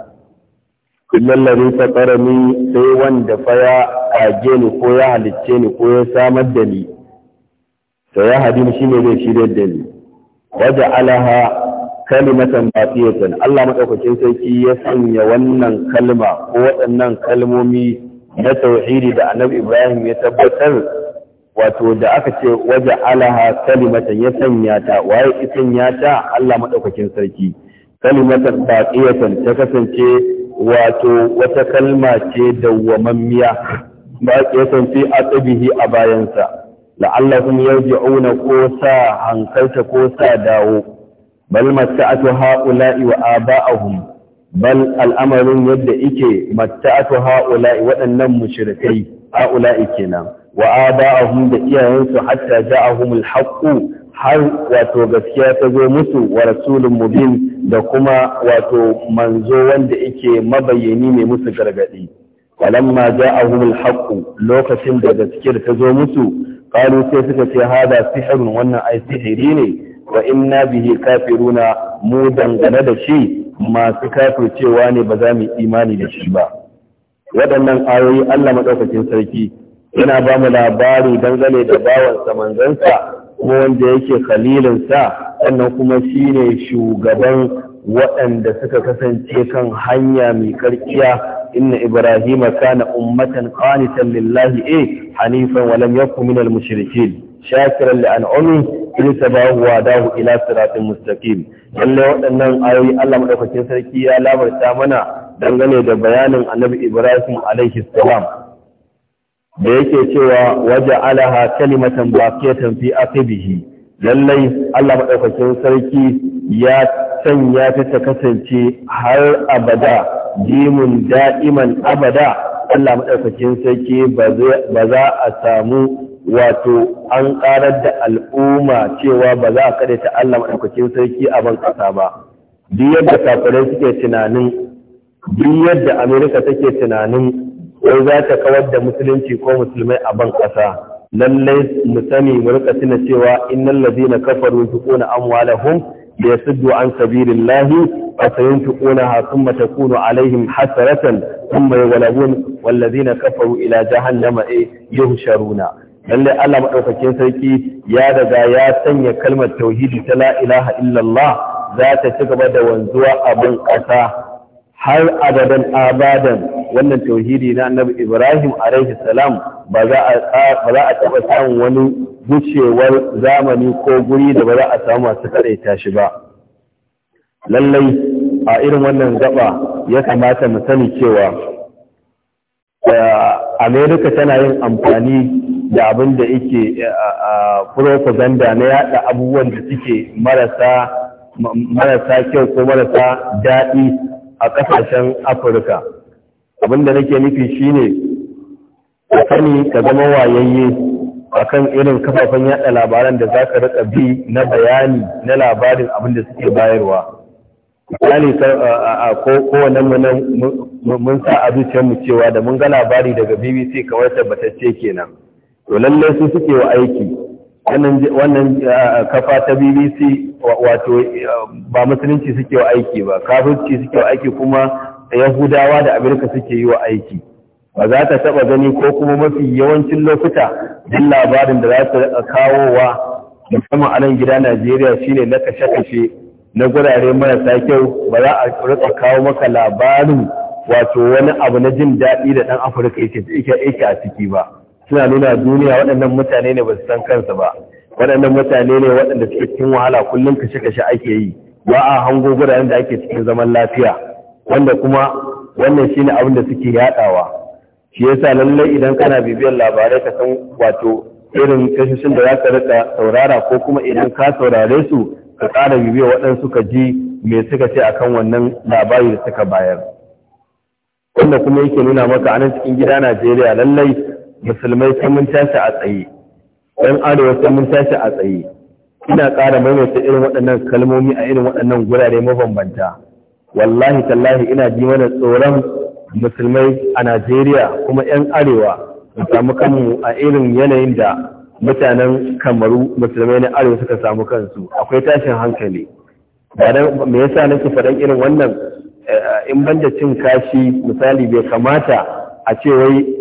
Kullallari ta tsarami sai wanda fa ya kage ni ko ya halicce ni ko ya samar da ni. Sai ya hadin shi ne zai shirya da ni. Waje alaha kalimatan baqiyatan Allah madaukakin sarki ya sanya wannan kalma ko waɗannan kalmomi na tauhidi da Annabi Ibrahim ya tabbatar wato da aka ce waje alaha kalimatan ya sanya ta waye ya sanya ta Allah madaukakin sarki kalimatan baqiyatan ta kasance wato wata kalma ce dawwamammiya baqiyatan a atbihi a bayansa la'allahum yarji'una ko sa hankalta ko sa dawo bal matta'atu ha'ula'i wa aba'ahum bal al'amarin yadda ike matta'atu ha'ula'i waɗannan mushrikai ha'ula'i kenan wa aba'ahum da iyayensu hatta a ja'ahumul haqqu har wato gaskiya ta zo musu wa rasulun mubin da kuma wato manzo wanda yake mabayyani mai musu gargadi a ja'ahumul haqqu lokacin da gaskiyar ta zo musu qalu sai suka ce hada sihrun wannan ai sihiri ne wa inna bihi kafiruna mu dangane da shi masu kafircewa ne ba za mu imani da shi ba waɗannan ayoyi Allah madaukakin sarki yana ba mu labari dangane da bawansa manzansa kuma wanda yake khalilinsa sannan kuma shine shugaban waɗanda suka kasance kan hanya mai karkiya إن إبراهيم كان أمة قانتا لله إيه حنيفا ولم يكن من المشركين شاكرا لأنعمه itabahu wa dahu ila siratin mustaqim lalle waɗannan ayoyi Allah madaukakin sarki ya labarta mana dangane da bayanin Annabi Ibrahim alaihi salam da yake cewa waje alaha kalimatan baqiyatan fi aqibihi lalle Allah madaukakin sarki ya sanya ta ta kasance har abada jimun da'iman abada Allah madaukakin sarki ba za a samu wato an ƙarar da al'umma cewa ba za a kaɗe ta Allah maɗaukakin sarki a ban ba. Duk da sakwarai suke tunanin, duk yadda Amerika take tunanin, wai za ta kawar da musulunci ko musulmai a ban ƙasa. Lallai mu sani mu rika tuna cewa innal ladina kafaru tuquna amwalahum bi yasuddu an sabilillahi wa sayuntiquna thumma takunu alaihim hasratan thumma yughlabun walladina kafaru ila jahannama eh, yuhsharuna. Eh, Lallai Allah madaukakin sarki ya daga ya sanya kalmar tauhidi ta la ilaha illallah za ta ci gaba da wanzuwa abin ƙasa har abadan abadan wannan tauhidi na annabi Ibrahim alaihi salam ba za a ba za a taba samun wani gucewar zamani ko guri da ba za a samu masu karaita shi ba lallai a irin wannan gaba ya kamata mu sani cewa eh, Amerika tana yin amfani da abin da yake propaganda na yada abubuwan da suke marasa kyau ko marasa daɗi a ƙasashen afirka abin da nake nufi shine ka sani ka zama wayayye akan irin kafafen yada labaran da za ka rika bi na bayani na labarin abin da suke bayarwa misali kowane mun sa a zuciyarmu cewa da mun ga labari daga bbc kawai tabbatacce kenan to lallai su suke wa aiki wannan kafa ta bbc wato ba musulunci suke wa aiki ba kafirci suke wa aiki kuma yahudawa da amurka suke yi wa aiki ba za ta taba gani ko kuma mafi yawancin lokuta duk labarin da za ta kawowa musamman anan gida najeriya shine na kashe-kashe na gurare marasa kyau ba za a rika kawo maka labarin wato wani abu na jin daɗi da ɗan afirka yake a ciki ba suna nuna duniya waɗannan mutane ne ba su san kansu ba waɗannan mutane ne waɗanda suke cikin wahala kullum kashe-kashe ake yi ba a hango guraren da ake cikin zaman lafiya wanda kuma wannan shine abin da suke yaɗawa shi yasa lallai idan kana bibiyar labarai ka san wato irin tashoshin da za ka rika saurara ko kuma idan ka saurare su ka ƙara bibiyar waɗansu ka ji me suka ce akan wannan labari da suka bayar wanda kuma yake nuna maka anan cikin gida Najeriya lallai musulmai sai mun tashi a tsaye ɗan arewa sai mun tashi a tsaye ina ƙara maimaita irin waɗannan kalmomi a irin waɗannan gurare mabambanta wallahi tallahi ina ji mana tsoron musulmai a najeriya kuma 'yan arewa su samu kanmu a irin yanayin da mutanen kamaru musulmai na arewa suka samu kansu akwai tashin hankali me yasa nake faɗan irin wannan eh, in banda cin kashi misali bai kamata a ce wai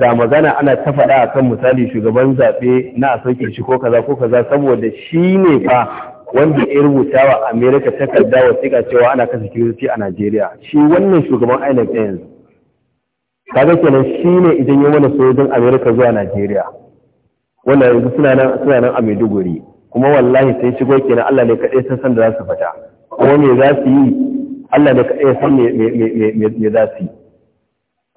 ga magana ana ta faɗa akan misali shugaban zaɓe na a sauke shi ko kaza ko kaza saboda shi ne fa wanda ya rubuta wa Amerika takarda wasiƙa cewa ana kasa kiristoci a Najeriya shi wannan shugaban INEC ɗaya yanzu kaga kenan shi ne idan ya wani sojojin Amerika zuwa Najeriya wanda yanzu suna nan suna nan a Maiduguri kuma wallahi sai shigo kenan Allah ne kaɗai san san da za su fita kuma me za su yi Allah ne kaɗai san me za su yi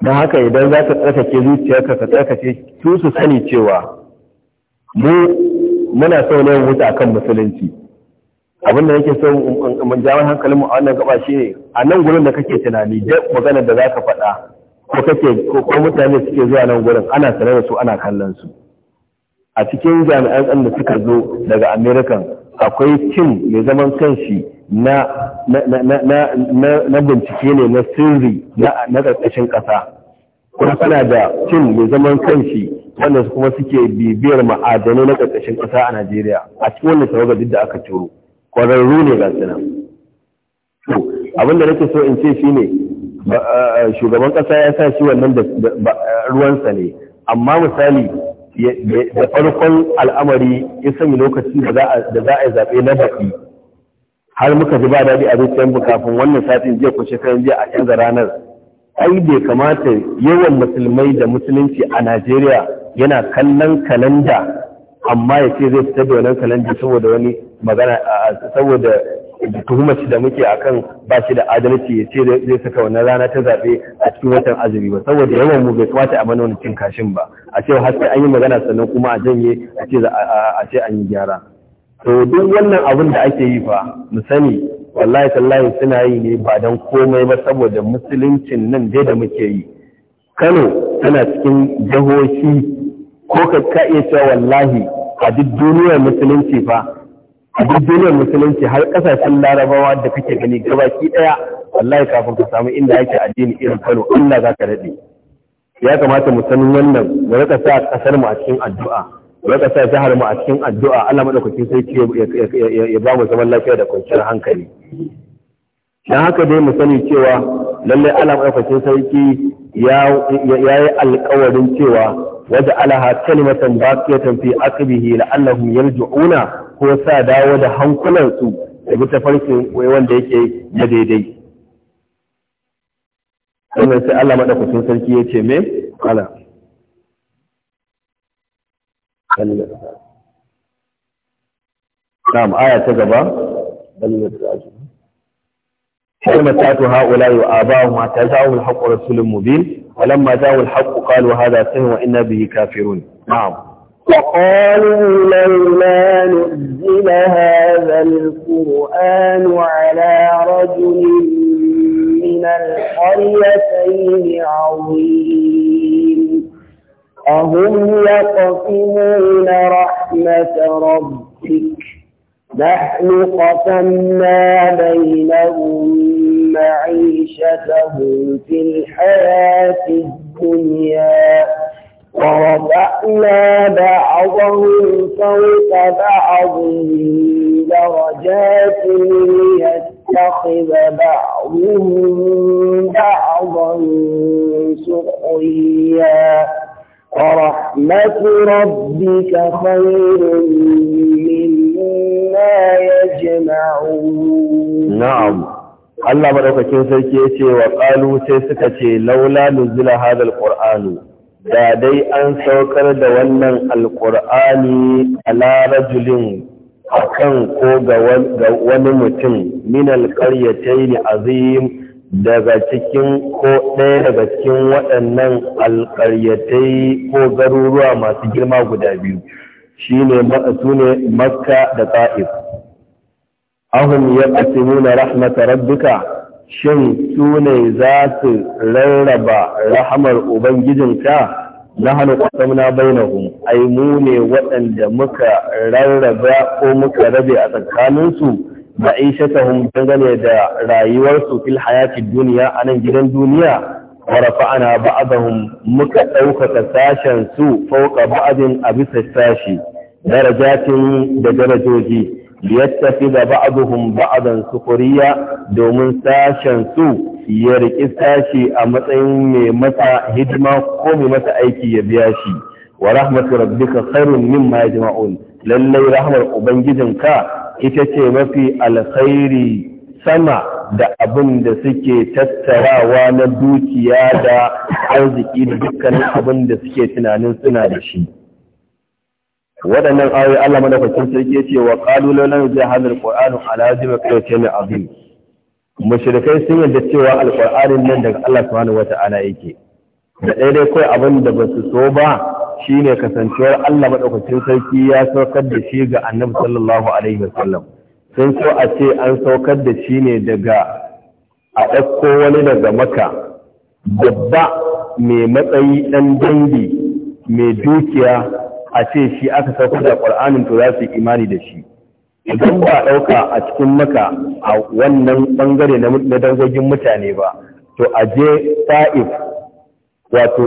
don haka idan za ka tsarkake zuciyarka ka tsarkake su su sani cewa mu muna so ne wuta akan musulunci abin da yake so mun jawo hankalin mu a wannan gaba ne. a nan gurin da kake tunani da maganar da za ka faɗa ko kake ko mutane suke zuwa nan gurin ana sanar da su ana kallon su a cikin jami'an tsan da suka zo daga American akwai cin mai zaman kanshi na bincike ne na sirri na ƙarƙashin ƙasa kuma suna da cin mai zaman kanshi wanda kuma suke bibiyar ma'adanai na ƙarƙashin ƙasa a Najeriya a cikin wannan tawagar duk da aka turo Kwararru ne ga su abin da nake so in ce shi ne eh, shugaban ƙasa ya sa shi wannan da ruwansa ne amma misali da farkon al'amari ya sanya lokaci da za a yi zaɓe na baƙi har muka ji ba daɗi a mu kafin wannan satin jiya ko shekaran jiya a canza ranar ai bai kamata yawan musulmai da musulunci a Najeriya yana kallon kalanda amma ya ce zai fitar da wannan kalanda saboda wani magana saboda tuhumar shi da muke akan ba shi da adalci ya ce zai saka wannan rana ta zaɓe a cikin watan azumi ba saboda yawan mu bai kamata a mana wani cin kashin ba a ce har an yi magana sannan kuma a janye a ce an yi gyara. to duk wannan abin da ake yi fa mu sani wallahi sallahi suna yi ne ba don komai ba saboda musuluncin nan dai da muke yi kano tana cikin jihohi ko ka iya cewa wallahi a duk duniyar musulunci fa a duk duniyar musulunci har kasashen larabawa da kake gani gabaki daya wallahi kafin ka samu inda ake addini irin kano Allah za ka daɗe ya kamata mu san wannan mu rika sa kasar mu a cikin addu'a ya sa jihar mu a cikin addu'a Allah madaukakin sarki ya ba mu zaman lafiya da kwanciyar hankali dan haka dai mu sani cewa lallai Allah madaukakin sarki ya yi alƙawarin cewa waje alaha kalimatan baqiyatan fi aqibihi la'allahum yarji'una ko sa dawo da hankulan su da bi tafarkin wanda yake na daidai sannan sai Allah madaukakin sarki ya ce me kala نعم آية تجبا بل يتراجعون كلمة تأتوا هؤلاء وآباؤهم حتى جاءهم الحق رسول مبين ولما جاءوا الحق قالوا هذا سن وإنا به كافرون نعم وقالوا لولا نزل هذا القرآن على رجل من القريتين عظيم أهم يقسمون رحمة ربك نحن قسمنا بينهم معيشتهم في الحياة الدنيا ورفعنا بعضهم فوق بعض درجات ليتخذ بعضهم بعضا سخريا ورحمة ربك خير مما يجمعون نعم Allah madaukakin sarki ya ce wa لولا sai suka ce laula da dai an saukar da wannan alqur'ani ala rajulin akan ko ga wani mutum min alqaryatayn azim daga cikin ko ɗaya daga cikin waɗannan alƙaryatai ko garuruwa masu girma guda biyu shi ne su ne makka da ta'if ahun ya ƙasi na rahmata rabbuka shin su ne za su rarraba rahamar ubangijinka na hannu na bainahum ai mu ne waɗanda muka rarraba ko muka rabe a tsakaninsu ma'ishatahum dangane da rayuwarsu fil hayati duniya a nan gidan duniya wa rafa'ana ba'dahum muka ɗaukaka sashen su fauka ba'din a bisa sashi darajatin da darajoji liyattafi da ba'dahum ba'dan sukuriya domin sashen su ya riƙi sashi a matsayin mai masa hidima ko mai masa aiki ya biya shi wa rahmatu rabbika khairun mimma yajma'un lallai rahmar ubangijinka ita ce mafi alkhairi sama da abin da suke tattarawa na dukiya da arziki da dukkanin abin da suke tunanin suna da shi waɗannan ayoyi Allah madaukakin sarki ke ce wa qalu la nuzila hadha alqur'anu ala jima kayyatin azim mushrikai sun yarda cewa alqur'anin nan daga Allah subhanahu wata'ala yake da daidai kai abin da ba su so ba shine kasancewar Allah madaukakin sarki ya saukar da shi ga Annabi sallallahu alaihi wasallam sun so a ce an saukar da shi ne daga a ɗauko wani daga maka babba mai matsayi ɗan dangi mai dukiya a ce shi aka saukar da ƙwar'anin to za su imani da shi idan ba a ɗauka a cikin maka a wannan ɓangare na dangogin mutane ba to a je ta'if wato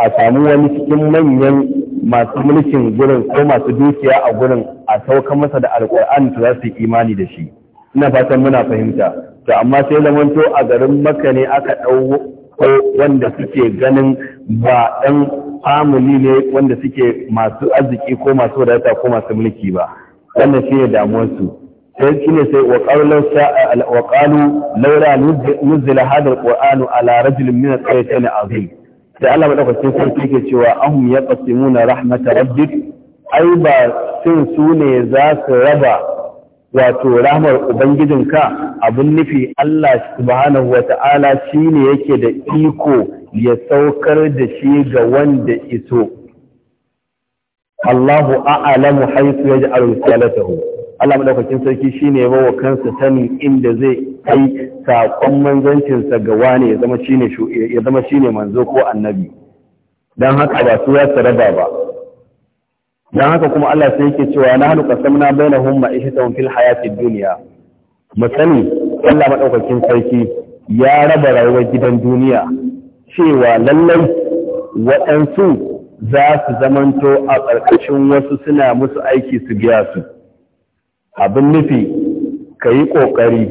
a samu wani cikin manyan masu mulkin gurin ko masu dukiya a gurin a sauka masa da alƙur'ani to za su yi imani da shi ina fatan muna fahimta to amma sai zamanto a garin maka ne aka ɗauko wanda suke ganin ba ɗan famili ne wanda suke masu arziki ko masu wadata ko masu mulki ba wannan shi ne damuwarsu sai shi ne sai wa qalu laula nuzila hadha alqur'anu ala rajulin min al-qaryatayn azim sai Allah madaukakin sarki yake cewa ahum yaqsimuna rahmatar rabbik ai ba sun su ne za su raba wato rahmar ubangijinka abin nufi Allah subhanahu wata'ala shine yake da iko ya saukar da shi ga wanda iso Allahu a'lamu haythu yaj'alu risalatahu Allah madaukakin sarki shine ya bawa kansa sanin inda zai kai saƙon manzancinsa ga wani ya zama shine ya zama shine manzo ko annabi dan haka ba su ya saraba ba dan haka kuma Allah sai yake cewa na nahnu qasamna bainahum ma'ishatan fil hayati dunya mu sani Allah madaukakin sarki ya raba rayuwar gidan duniya cewa lallai waɗansu za su zamanto a ƙarƙashin wasu suna musu aiki su biya su abin nufi ka yi ƙoƙari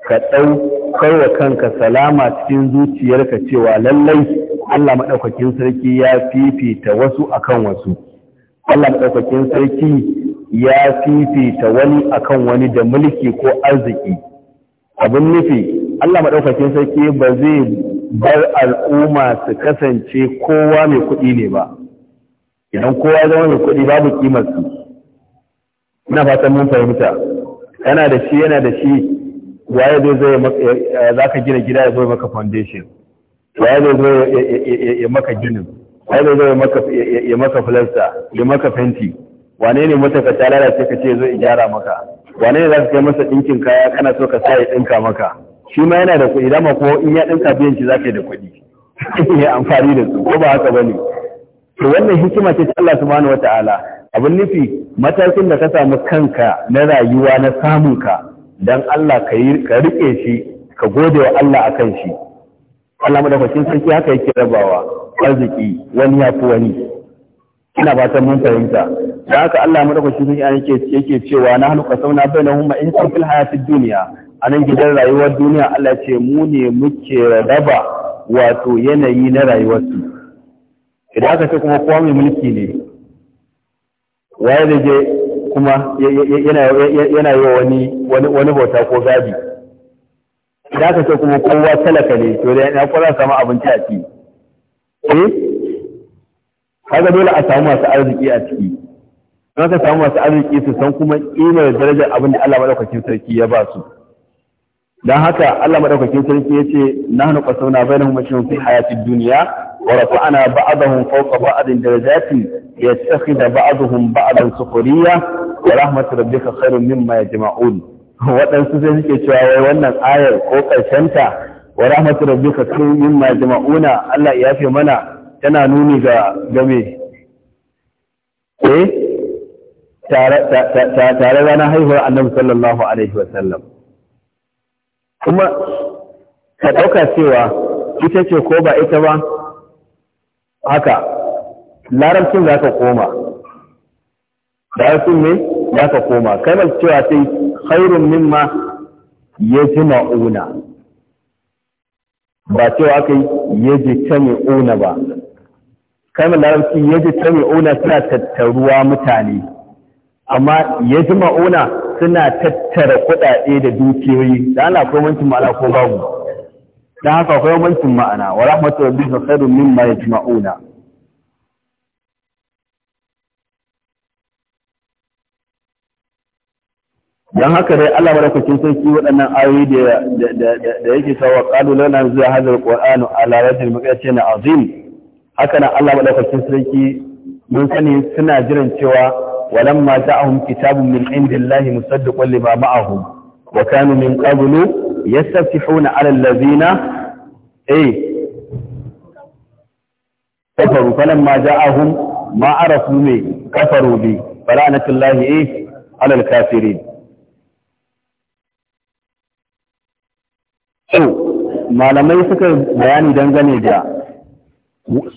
ka ɗaukar wa kanka salama cikin zuciyarka cewa lallai Allah maɗaukakin sarki ya fifita wasu akan wasu Allah maɗaukakin sarki ya fifita wani akan wani da mulki ko arziki abin nufi Allah maɗaukakin sarki ba zai bar al'umma su kasance kowa mai kuɗi ne ba idan kowa zama mai kuɗi babu kimarsu ina fatan mun fahimta yana da shi yana da shi waye zai zo za ka gina gida ya zo maka foundation waye zai zo ya maka ginin waye zai zo ya maka filasta ya maka fenti wane ne mata ka ta lalace ka ce zo in gyara maka wane ne za ka kai masa ɗinkin kaya kana so ka sa ya ɗinka maka shi ma yana da kuɗi dama ko in ya ɗinka biyan shi za ka yi da kuɗi <laughs> ya amfani da su ko ba haka ba ne to wannan hikima ce ta Allah subhanahu wataala abin nufi matakin da ka samu kanka na rayuwa na samun ka dan Allah ka yi ka rike shi ka gode wa Allah akan shi Allah madaukakin sarki haka yake rabawa arziki wani ya fi wani ina ta mun fahimta da haka Allah madaukakin sarki yake yake cewa na halqa sauna bainahum ma in fil hayatid dunya anan gidan rayuwar duniya Allah ce mu ne muke raba wato yanayi na rayuwarsu idan aka ce kuma kowa mai mulki ne waye zai je kuma yana yi wa wani bauta ko gadi idan aka ce kuma kowa talaka ne to da ya kwara samu abinci a ciki eh haka dole a samu masu arziki a ciki don ka samu masu arziki su san kuma ƙimar darajar abin da Allah maɗaukakin sarki ya ba su don haka Allah maɗaukakin sarki ya ce na hannu ƙasau na bayan mashi fi hayatun duniya ورفعنا بعضهم فوق بعض درجات يتخذ بعضهم بعضا سخرية ورحمة ربك خير مما يجمعون waɗansu sai suke cewa wai wannan ayar ko ƙarshenta wa rahmatu rabbika khairu mimma yajma'una Allah mana tana nuni ga tare ranar haihuwar annabi kuma ka ɗauka cewa ita ce ko ba ita ba haka larabcin za ka koma larabcin ne za ka koma kalmar cewa sai khairun mimma ya ji ma'una ba cewa aka yi ya ji ta ma'una ba kalmar larabci ya ji ta ma'una suna tattaruwa mutane amma ya ji ma'una suna tattara kuɗaɗe da dukiyoyi da ana komanci ma'ana ko babu dan haka akwai mancin ma'ana wa rahmatu rabbika khairun mimma yajma'una dan haka dai Allah madaukakin sarki waɗannan ayoyi da da yake cewa qalu lana zuwa hadal qur'anu ala rajul na azim haka nan Allah madaukakin sarki mun sani suna jiran cewa walamma ta'ahum kitabun min indillahi musaddiqan lima ma'ahum wa kanu min qablu yastaftihuna 'ala allazina eh kafaru falamma ja'ahum ma arafu me kafaru bi falanatullahi eh 'ala al-kafirin malamai suka bayani dangane da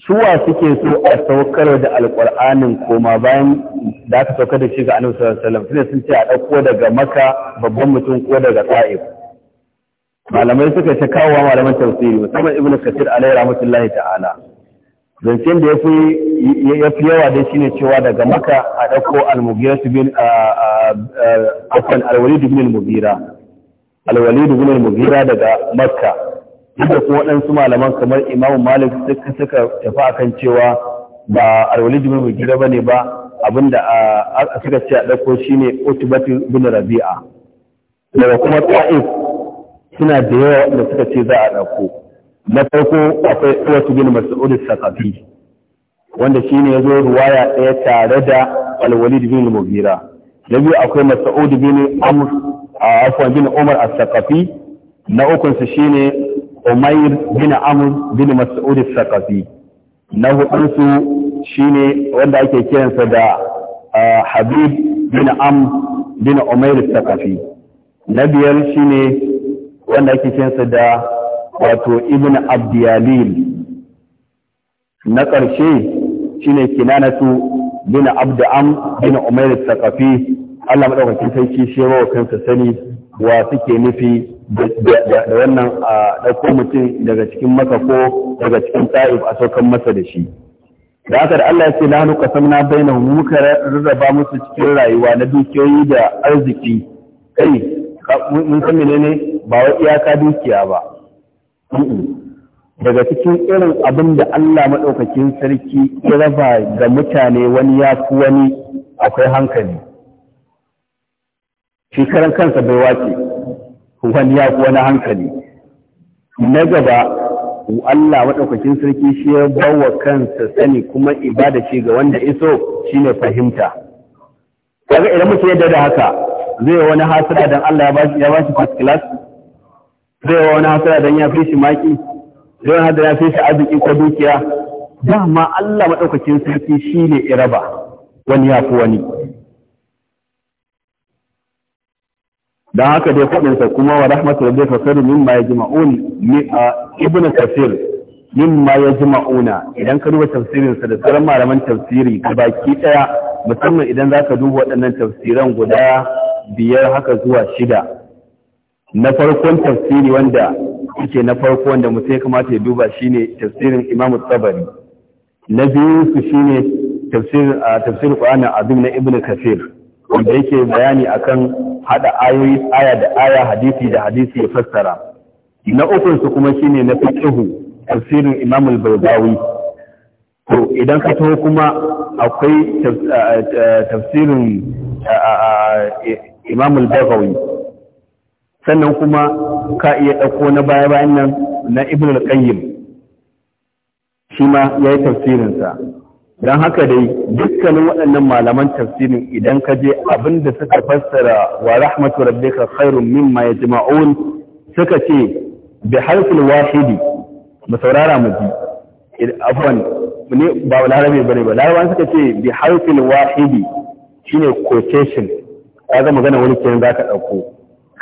suwa suke so a saukar da alƙur'anin koma bayan da aka saukar da shi ga annabi sallallahu alaihi wasallam sun ce a ɗauko daga maka babban mutum ko daga ta'if malamai suka ce kawo malaman tafsiri musamman Ibn kathir alaihi rahmatullahi ta'ala zancen da yafi yafi yawa dai shine cewa daga maka a ɗauko al-mughira bin a al-walid bin al-mughira al-walid bin al-mughira daga makka inda kuma waɗansu malaman kamar imamu malik suka suka tafi kan cewa ba alwali jimin mai gida ba ne ba abinda a suka ce a ɗauko shi ne otubatu bin rabi'a daga kuma ta'if suna da yawa waɗanda suka ce za a ɗauko na farko akwai otubatu bin mas'ud sakafi wanda shi ne ya zo ruwaya ɗaya tare da alwali bin mugira na biyu akwai mas'ud bin amr a bin umar as-sakafi na shi shine umair bin amr bin mas'ud al-saqafi na hudunsu shine wanda ake kiransa da habib bin am bin umair al-saqafi na shine wanda ake kiransa da wato ibn abdiyalil na ƙarshe shine kinanatu bin abd am bin umair al-saqafi Allah madaukakin sarki shi wa kansa sani wa suke nufi da wannan a ɗauko mutum daga cikin maka ko daga cikin ta'if a saukan masa da shi da haka da Allah ya ce nahnu na bainahum muka rarraba musu cikin rayuwa na dukiyoyi da arziki kai mun san menene ba wa iyaka dukiya ba daga cikin irin abin da Allah madaukakin sarki ya raba ga mutane wani ya fi wani akwai hankali shi kansa bai wace wani ya wani hankali na gaba Allah maɗaukakin sarki shi ya bawa kansa sani kuma ibada ce ga wanda iso ne fahimta kaga idan mutum yadda da haka zai wani hasira dan Allah ya ba shi first class zai wani hasira dan ya fi shi maki zai wani hasira ya fi shi arziki ko dukiya dama Allah maɗaukakin sarki shi ne iraba wani ya fi wani dan haka dai faɗinsa kuma wa rahmatul zai fasaru mimma ya a ibnu kafir mimma jima'una idan ka duba tafsirinsa da sauran malaman tafsiri ka baki ɗaya musamman idan zaka duba waɗannan tafsiran guda biyar haka zuwa shida na farkon tafsiri wanda yake na farko wanda mutum ya kamata ya duba shine tafsirin imam tsabari na biyu su shine tafsir tafsir qur'ani azim na ibn kasir wanda yake bayani akan hada ayoyi aya da aya hadisi da hadisi ya fassara na ukun su kuma shine na fiqhu tafsirin Imam al-Baydawi to idan ka taho kuma akwai tafsirin e, Imam al sannan kuma ka iya dauko na baya bayan nan na Ibn al-Qayyim shi ma yayi tafsirin sa don haka dai dukkanin waɗannan malaman tafsirin idan ka je abin da suka fassara wa rahmatu rabbika khairun mimma yajma'un suka ce bi harfil wahidi mu saurara mu ji afwan ne ba larabe bane ba larabawa suka ce bi harfil wahidi shine quotation ka ga magana wani kenan zaka dauko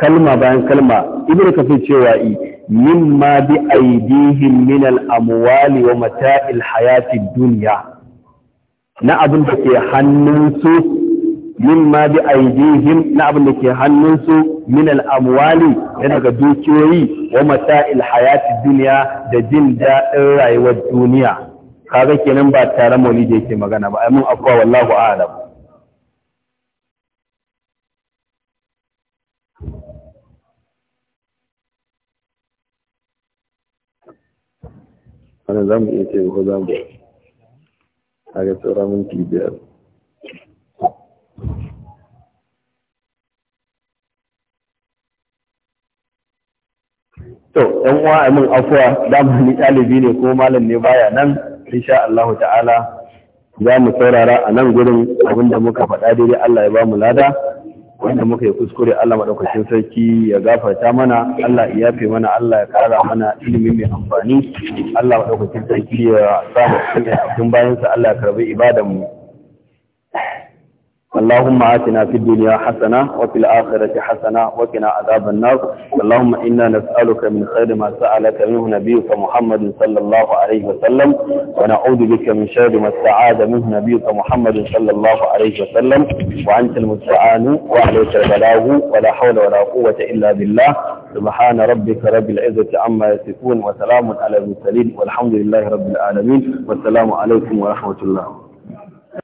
kalma bayan kalma ibnu kafir cewa i mimma bi aidihim min al amwali wa mata'il hayatid dunya na abin da ke hannunsu min ma bi aidihim na abin da ke hannunsu min amwali yana daga dukiyoyi wa masail hayati duniya da jin daɗin rayuwar duniya kaga kenan ba tare da yake magana ba amin afuwa wallahu a'lam wannan zamu iya ce ko zamu a ga minti biyar to yan uwa min afuwa dama ni ɗalibi ne ko malam ne baya nan insha Allah ta'ala za mu saurara a nan gurin abinda muka faɗa daidai Allah ya ba mu lada wanda muka yi kuskure Allah maɗaukacin sarki ya gafarta mana Allah ya yafe mana Allah ya ƙara mana ilimi mai amfani Allah maɗaukacin sarki ya sa mu cikin bayansa Allah ya karɓi ibadan mu اللهم آتنا في الدنيا حسنة وفي الآخرة حسنة وقنا عذاب النار اللهم إنا نسألك من خير ما سألك منه نبيك محمد صلى الله عليه وسلم ونعوذ بك من شر ما استعاذ منه نبيك محمد صلى الله عليه وسلم وأنت المستعان وعليك البلاغ ولا حول ولا قوة إلا بالله سبحان ربك رب العزة عما يصفون وسلام على المرسلين والحمد لله رب العالمين والسلام عليكم ورحمة الله